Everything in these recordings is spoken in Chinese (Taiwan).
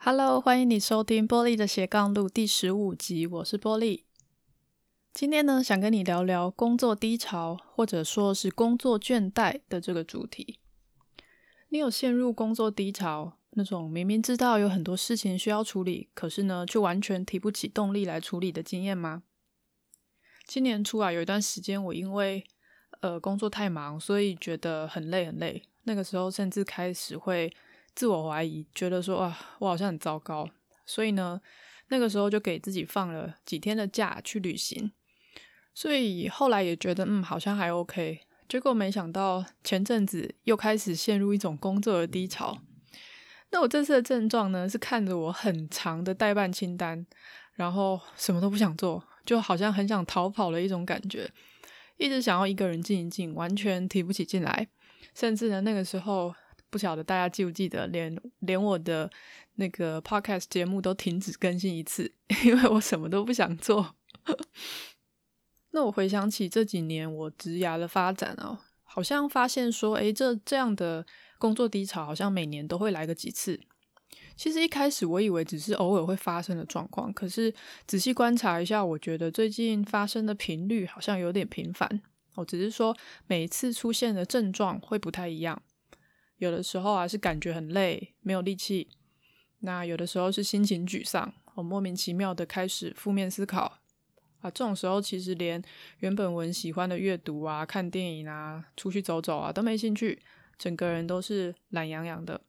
哈嘍，Hello，歡迎你收聽《波利的斜槓錄》第十五集，我是波利。今天呢，想跟你聊聊工作低潮，或者說是工作倦怠的這個主題。你有陷入工作低潮，那種明明知道有很多事情需要處理，可是呢，卻完全提不起動力來處理的經驗嗎？今年初啊，有一段時間我因為呃工作太忙，所以覺得很累很累，那個時候甚至開始會。自我懷疑，覺得說啊，我好像很糟糕，所以呢，那個時候就給自己放了幾天的假去旅行，所以後來也覺得嗯，好像還 OK。結果沒想到前陣子又開始陷入一種工作的低潮。那我這次的症狀呢，是看着我很長的待辦清單，然後什麼都不想做，就好像很想逃跑的一種感覺，一直想要一個人靜一靜，完全提不起勁來，甚至呢，那個時候。不曉得大家記不記得，連連我的那個 podcast 節目都停止更新一次，因為我什麼都不想做。 那我回想起這幾年我職涯的發展喔，好像發現說，欸，這這樣的工作低潮好像每年都會來個幾次。其實一開始我以為只是偶爾會發生的狀況，可是仔細觀察一下，我覺得最近發生的頻率好像有點頻繁。我只是說，每一次出現的症狀會不太一樣。有的時候啊，是感覺很累，沒有力氣；那有的時候是心情沮喪，我莫名其妙的開始負面思考啊。這種時候其實連原本我很喜歡的閱讀啊、看電影啊、出去走走啊都沒興趣，整個人都是懶洋洋的。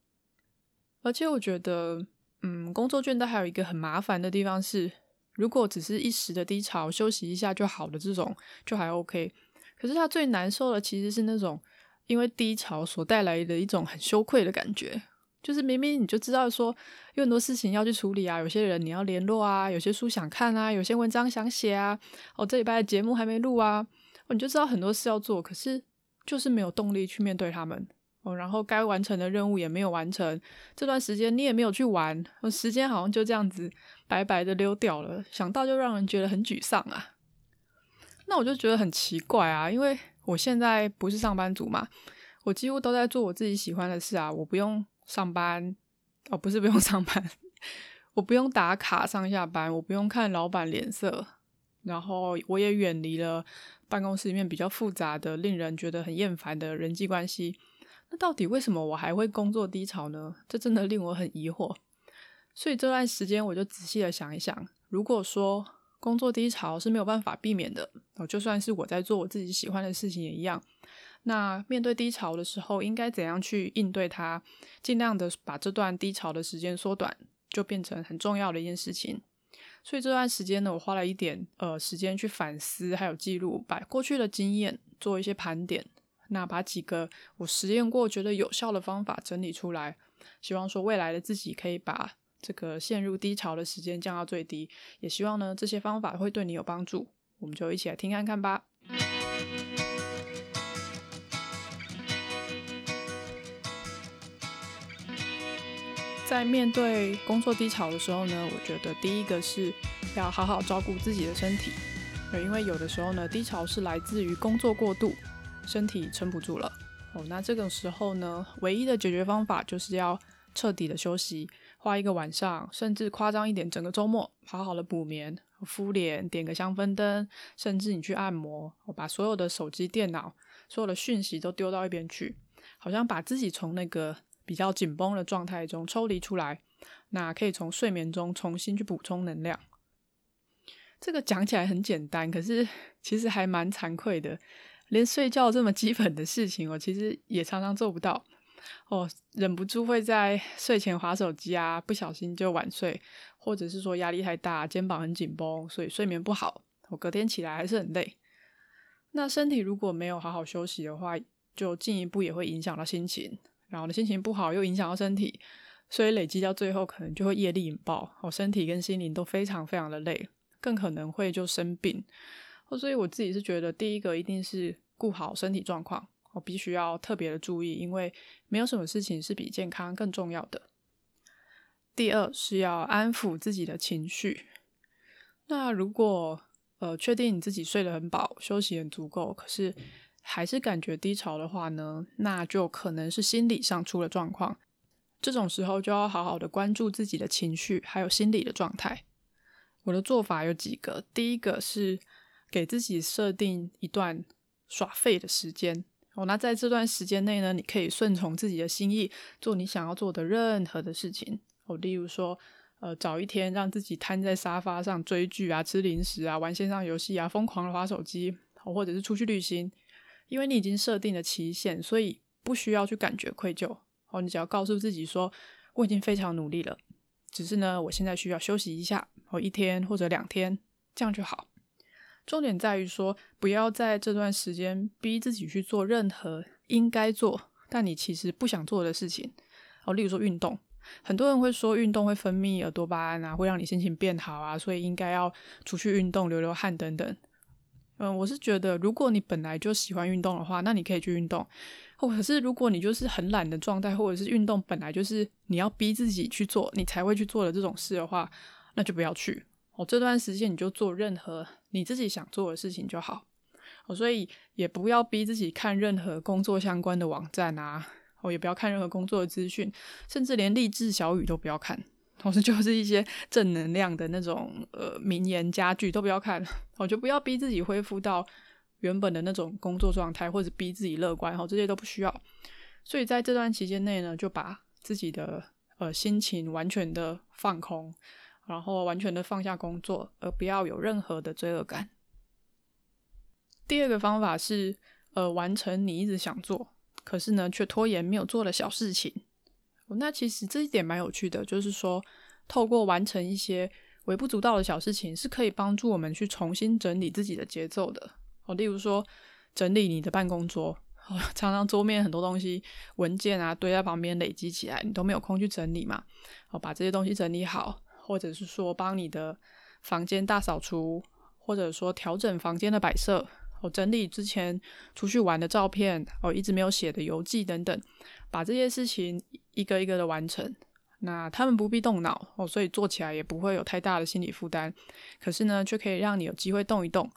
而且我覺得，嗯，工作倦怠還有一個很麻煩的地方是，如果只是一時的低潮，休息一下就好了，這種就還 OK。可是他最難受的其實是那種。因為低潮所帶來的一種很羞愧的感覺，就是明明你就知道說有很多事情要去處理啊，有些人你要聯絡啊，有些書想看啊，有些文章想寫啊，哦，這禮拜的節目還沒錄啊，哦，你就知道很多事要做，可是就是沒有動力去面對他們，哦，然後該完成的任務也沒有完成，這段時間你也沒有去玩，時間好像就這樣子白白的溜掉了，想到就讓人覺得很沮喪啊。那我就覺得很奇怪啊，因為。我現在不是上班族嘛，我幾乎都在做我自己喜歡的事啊，我不用上班，哦，不是不用上班，我不用打卡上下班，我不用看老闆臉色，然後我也遠離了辦公室裡面比較複雜的、令人覺得很厭煩的人際關係。那到底為什麼我還會工作低潮呢？這真的令我很疑惑。所以這段時間我就仔細的想一想，如果說。工作低潮是沒有辦法避免的哦，就算是我在做我自己喜歡的事情也一樣。那面對低潮的時候，應該怎樣去應對它？儘量的把這段低潮的時間縮短，就變成很重要的一件事情。所以這段時間呢，我花了一點呃時間去反思，還有記錄，把過去的經驗做一些盤點，那把幾個我實驗過覺得有效的方法整理出來，希望說未來的自己可以把。這個陷入低潮的時間降到最低，也希望呢這些方法會對你有幫助。我們就一起來聽看看吧。 在面對工作低潮的時候呢，我覺得第一個是要好好照顧自己的身體，因為有的時候呢，低潮是來自於工作過度，身體撐不住了。哦，那這個時候呢，唯一的解決方法就是要徹底的休息。花一個晚上，甚至誇張一點，整個周末好好的補眠、敷臉、點個香氛燈，甚至你去按摩，我把所有的手機、電腦、所有的訊息都丟到一邊去，好像把自己從那個比較緊繃的狀態中抽離出來，那可以從睡眠中重新去補充能量。這個講起來很簡單，可是其實還蠻慚愧的，連睡覺這麼基本的事情，我其實也常常做不到。哦，忍不住會在睡前滑手機啊，不小心就晚睡，或者是說壓力太大，肩膀很緊繃，所以睡眠不好，我、哦、隔天起來還是很累。那身體如果沒有好好休息的話，就進一步也會影響到心情，然後呢，心情不好又影響到身體，所以累積到最後可能就會業力引爆，我、哦、身體跟心靈都非常非常的累，更可能會就生病。哦、所以我自己是覺得，第一個一定是顧好身體狀況。我必須要特別的注意，因為沒有什麼事情是比健康更重要的。第二是要安撫自己的情緒。那如果呃確定你自己睡得很飽，休息很足夠，可是還是感覺低潮的話呢，那就可能是心理上出了狀況。這種時候就要好好的關注自己的情緒，還有心理的狀態。我的做法有幾個：第一個是給自己設定一段耍廢的時間。哦，那在這段時間內呢，你可以順從自己的心意，做你想要做的任何的事情。哦，例如說，呃，找一天讓自己癱在沙發上追劇啊，吃零食啊，玩線上遊戲啊，瘋狂的玩手機，哦，或者是出去旅行，因為你已經設定了期限，所以不需要去感覺愧疚。哦，你只要告訴自己說，我已經非常努力了，只是呢，我現在需要休息一下，哦，一天或者兩天，這樣就好。重點在於說，不要在這段時間逼自己去做任何應該做但你其實不想做的事情。哦，例如說運動，很多人會說運動會分泌多巴胺啊，會讓你心情變好啊，所以應該要出去運動，流流汗等等。嗯，我是覺得，如果你本來就喜歡運動的話，那你可以去運動。或可是如果你就是很懶的狀態，或者是運動本來就是你要逼自己去做，你才會去做的這種事的話，那就不要去。哦，這段時間你就做任何你自己想做的事情就好。哦，所以也不要逼自己看任何工作相關的網站啊，哦，也不要看任何工作的資訊，甚至連勵志小語都不要看。同時，哦，就是一些正能量的那種呃名言佳句都不要看。我，哦，就不要逼自己恢復到原本的那種工作狀態，或者逼自己樂觀，哦，這些都不需要。所以在這段期間內呢，就把自己的呃心情完全的放空。然後完全的放下工作，而不要有任何的罪惡感。第二個方法是，呃，完成你一直想做，可是呢卻拖延沒有做的小事情。哦，那其實這一點蠻有趣的，就是說，透過完成一些微不足道的小事情，是可以幫助我們去重新整理自己的節奏的。哦，例如說，整理你的辦公桌，哦，常常桌面很多東西，文件啊堆在旁邊累積起來，你都沒有空去整理嘛。哦，把這些東西整理好。或者是說幫你的房間大掃除，或者說調整房間的擺設，哦，整理之前出去玩的照片，哦，一直沒有寫的遊記等等，把這些事情一個一個的完成。那他們不必動腦，哦，所以做起來也不會有太大的心理負擔。可是呢，卻可以讓你有機會動一動。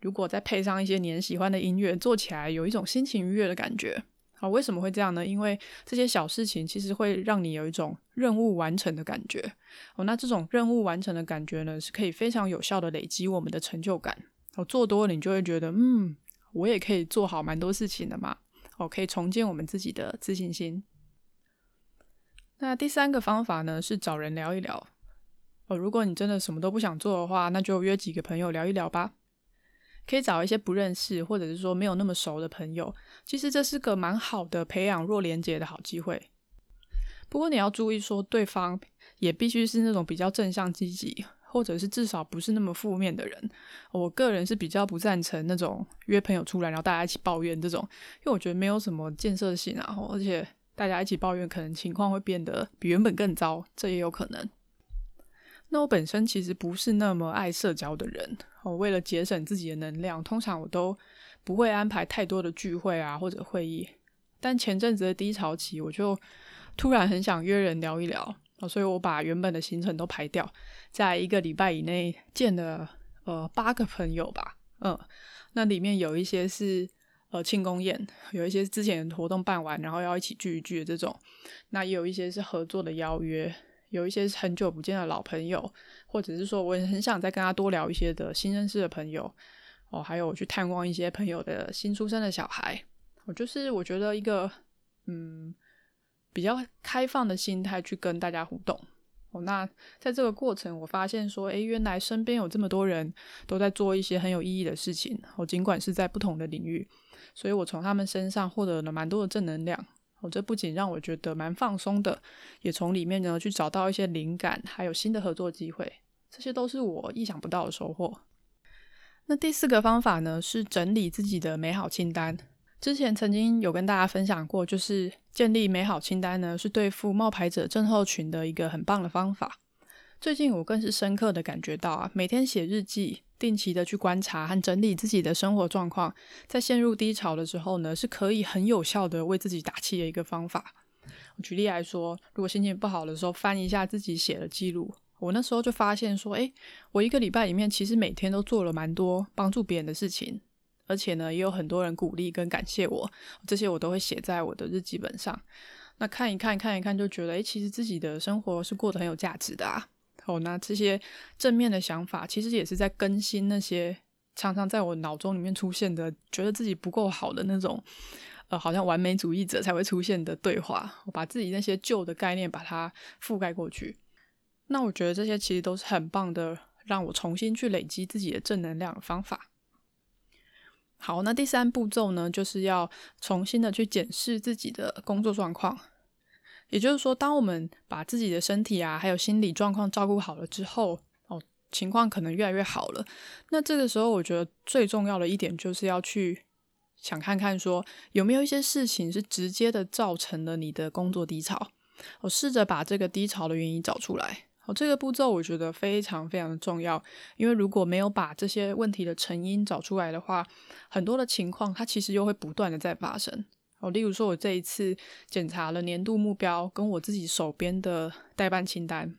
如果再配上一些你很喜歡的音樂，做起來有一種心情愉悅的感覺。啊，為什麼會這樣呢？因為這些小事情其實會讓你有一種任務完成的感覺。哦，那這種任務完成的感覺呢，是可以非常有效的累積我們的成就感。哦，做多了你就會覺得，嗯，我也可以做好蠻多事情的嘛。哦，可以重建我們自己的自信心。那第三個方法呢，是找人聊一聊。哦，如果你真的什麼都不想做的話，那就約幾個朋友聊一聊吧。可以找一些不認識或者是說沒有那麼熟的朋友，其實這是個蠻好的培養弱連結的好機會。不過你要注意說，說對方也必須是那種比較正向積極，或者是至少不是那麼負面的人。我個人是比較不贊成那種約朋友出來，然後大家一起抱怨這種，因為我覺得沒有什麼建設性，啊，然後而且大家一起抱怨，可能情況會變得比原本更糟，這也有可能。那我本身其實不是那麼愛社交的人，我、哦、為了節省自己的能量，通常我都不會安排太多的聚會啊或者會議。但前陣子的低潮期，我就突然很想約人聊一聊啊、哦，所以我把原本的行程都排掉，在一個禮拜以內見了呃八個朋友吧，嗯，那裡面有一些是呃慶功宴，有一些之前活動辦完然後要一起聚一聚的這種，那也有一些是合作的邀約。有一些很久不見的老朋友，或者是說我也很想再跟他多聊一些的新認識的朋友，哦，還有去探望一些朋友的新出生的小孩，我、哦、就是我覺得一個嗯比較開放的心態去跟大家互動。哦，那在這個過程，我發現說，哎，原來身邊有這麼多人都在做一些很有意義的事情，我、哦、儘管是在不同的領域，所以我從他們身上獲得了蠻多的正能量。我這不僅讓我覺得蠻放鬆的，也從裡面呢去找到一些靈感，還有新的合作機會，這些都是我意想不到的收穫。那第四個方法呢，是整理自己的美好清單。之前曾經有跟大家分享過，就是建立美好清單呢，是對付冒牌者症候群的一個很棒的方法。最近我更是深刻的感覺到啊，每天寫日記，定期的去觀察和整理自己的生活狀況，在陷入低潮的時候呢，是可以很有效的為自己打氣的一個方法。我舉例來說，如果心情不好的時候翻一下自己寫的記錄，我那時候就發現說，欸，我一個禮拜裡面其實每天都做了蠻多幫助別人的事情，而且呢，也有很多人鼓勵跟感謝我，這些我都會寫在我的日記本上。那看一看，看一看，就覺得，欸，其實自己的生活是過得很有價值的啊。哦，那這些正面的想法其實也是在更新那些常常在我腦中裡面出現的，覺得自己不夠好的那種，呃，好像完美主義者才會出現的對話。我把自己那些舊的概念把它覆蓋過去，那我覺得這些其實都是很棒的，讓我重新去累積自己的正能量的方法。好，那第三步驟呢，就是要重新的去檢視自己的工作狀況。也就是說，當我們把自己的身體啊，還有心理狀況照顧好了之後，哦，情況可能越來越好了。那這個時候，我覺得最重要的一點就是要去想看看說有沒有一些事情是直接的造成了你的工作低潮。我試着把這個低潮的原因找出來。哦，這個步驟我覺得非常非常的重要，因為如果沒有把這些問題的成因找出來的話，很多的情況它其實又會不斷的在發生。哦，例如說，我這一次檢查了年度目標跟我自己手邊的待辦清單，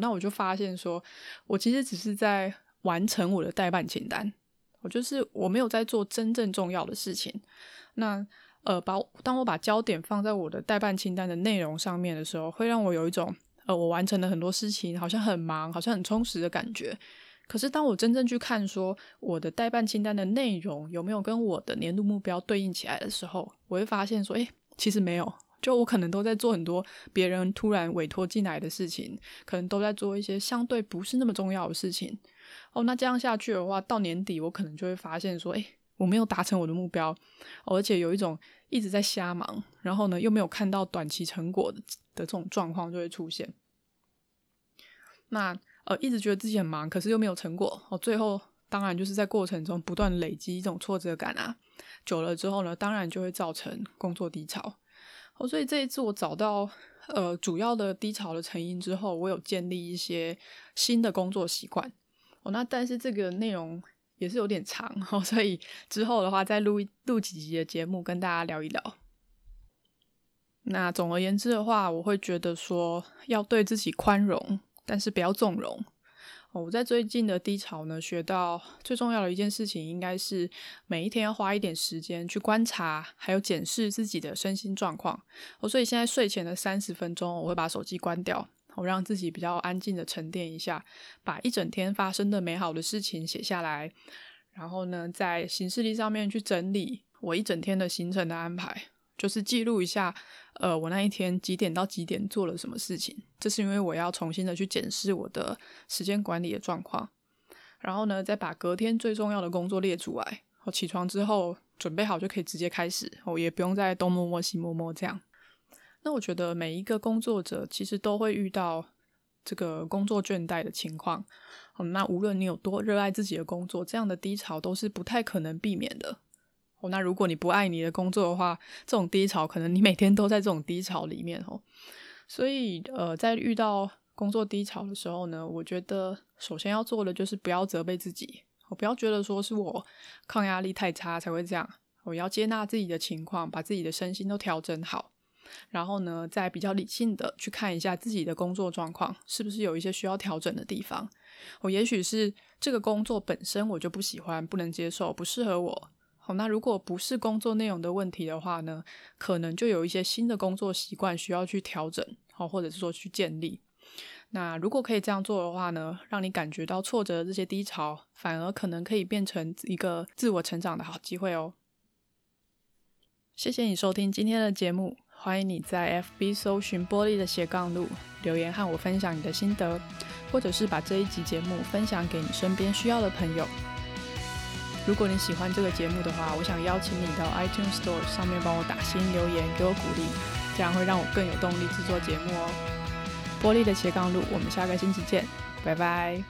那我就發現說，我其實只是在完成我的待辦清單，我就是我沒有在做真正重要的事情。那呃，把當我把焦點放在我的待辦清單的內容上面的時候，會讓我有一種呃，我完成了很多事情，好像很忙，好像很充實的感覺。可是當我真正去看說我的待辦清單的內容有沒有跟我的年度目標對應起來的時候，我會發現說，哎，其實沒有。就我可能都在做很多別人突然委託進來的事情，可能都在做一些相對不是那麼重要的事情。哦，那這樣下去的話，到年底我可能就會發現說，哎，我沒有達成我的目標。哦，而且有一種一直在瞎忙，然後呢又沒有看到短期成果的的這種狀況就會出現。那。呃，一直覺得自己很忙，可是又沒有成果哦。最後當然就是在過程中不斷累積一種挫折感啊，久了之後呢，當然就會造成工作低潮哦。所以這一次我找到呃主要的低潮的成因之後，我有建立一些新的工作習慣哦。那但是這個內容也是有點長哦，所以之後的話再錄一錄幾集的節目跟大家聊一聊。那總而言之的話，我會覺得說要對自己寬容。但是不要縱容。我在最近的低潮呢，學到最重要的一件事情，應該是每一天要花一點時間去觀察，還有檢視自己的身心狀況。我所以現在睡前的三十分鐘，我會把手機關掉，我讓自己比較安靜的沉澱一下，把一整天發生的美好的事情寫下來，然後呢，在行事曆上面去整理我一整天的行程的安排。就是記錄一下，呃，我那一天幾點到幾點做了什麼事情。這是因為我要重新的去檢視我的時間管理的狀況。然後呢，再把隔天最重要的工作列出來。我起床之後準備好就可以直接開始，我也不用再東摸摸西摸摸這樣。那我覺得每一個工作者其實都會遇到這個工作倦怠的情況。嗯，那無論你有多熱愛自己的工作，這樣的低潮都是不太可能避免的。哦，那如果你不愛你的工作的話，這種低潮可能你每天都在這種低潮裡面哦。所以，呃，在遇到工作低潮的時候呢，我覺得首先要做的就是不要責備自己，我不要覺得說是我抗壓力太差才會這樣。我要接納自己的情況，把自己的身心都調整好，然後呢，再比較理性的去看一下自己的工作狀況，是不是有一些需要調整的地方。我也許是這個工作本身我就不喜歡，不能接受，不適合我。那如果不是工作內容的問題的話呢，可能就有一些新的工作習慣需要去調整，好，或者是說去建立。那如果可以這樣做的話呢，讓你感覺到挫折的這些低潮，反而可能可以變成一個自我成長的好機會哦。謝謝你收聽今天的節目，歡迎你在 FB 搜尋玻璃的斜槓路，留言和我分享你的心得，或者是把這一集節目分享給你身邊需要的朋友。如果你喜歡這個節目的話，我想邀請你到 iTunes Store 上面幫我打星留言，給我鼓勵，這樣會讓我更有動力製作節目哦。Paulie 的斜槓路，我們下個星期見，拜拜。